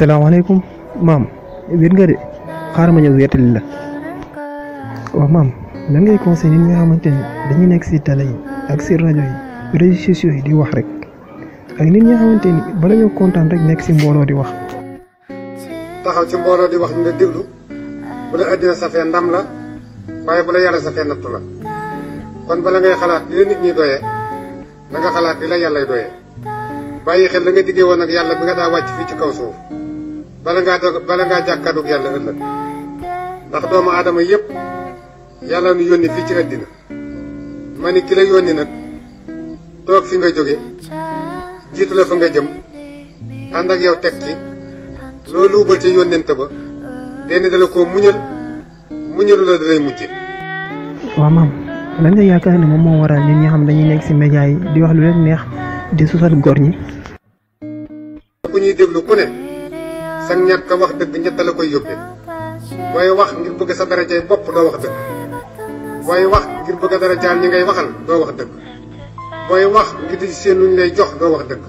salaamaaleykum maam wér nga de xaaral ma ñëw wéetali la waaw maam lan conseil nit ñi xamante ni dañuy nekk si télé yi ak si rajo yi réseaux sociaux yi di wax rek ak nit ñi nga xamante ni bala ñoo kontaan rek nekk si mbooloo di wax. taxaw ci mbooloo di wax ñu la déglu bu la àddina safee ndam la waaye bu la yàlla safee nattu la kon bala ngay xalaat li la nit ñi doyee da nga xalaat li la yàllay doyee bàyyi xel la nga woon ak yàlla bi nga daa wàcc fii ci kaw suuf. bala ngaa doog bala ngaa jàkkaarloog yàlla ëllëg ndax doomu aadama yëpp yàlla nu yónni fii ci àddina ma ni ki la yónni nag toog fi nga jóge jiitu la fa nga jëm ànd ak yow teg ci loolu ubal ca yónnent ba denn dala koo muñal muñalu la dalay mujje waaw maam lan nga yaakaar ne moom moo waral nit ñi xam dañuy nekk si média yi di wax lu leen neex di susal góor ñi sa ñàkk ka wax dëgg ñett la koy yóbbee booy wax ngir bëgg sa darajay bopp doo wax dëgg booy wax ngir bëgg a darajaal ñi ngay waxal doo wax dëgg booy wax ngir di seen luñ lay jox doo wax dëgg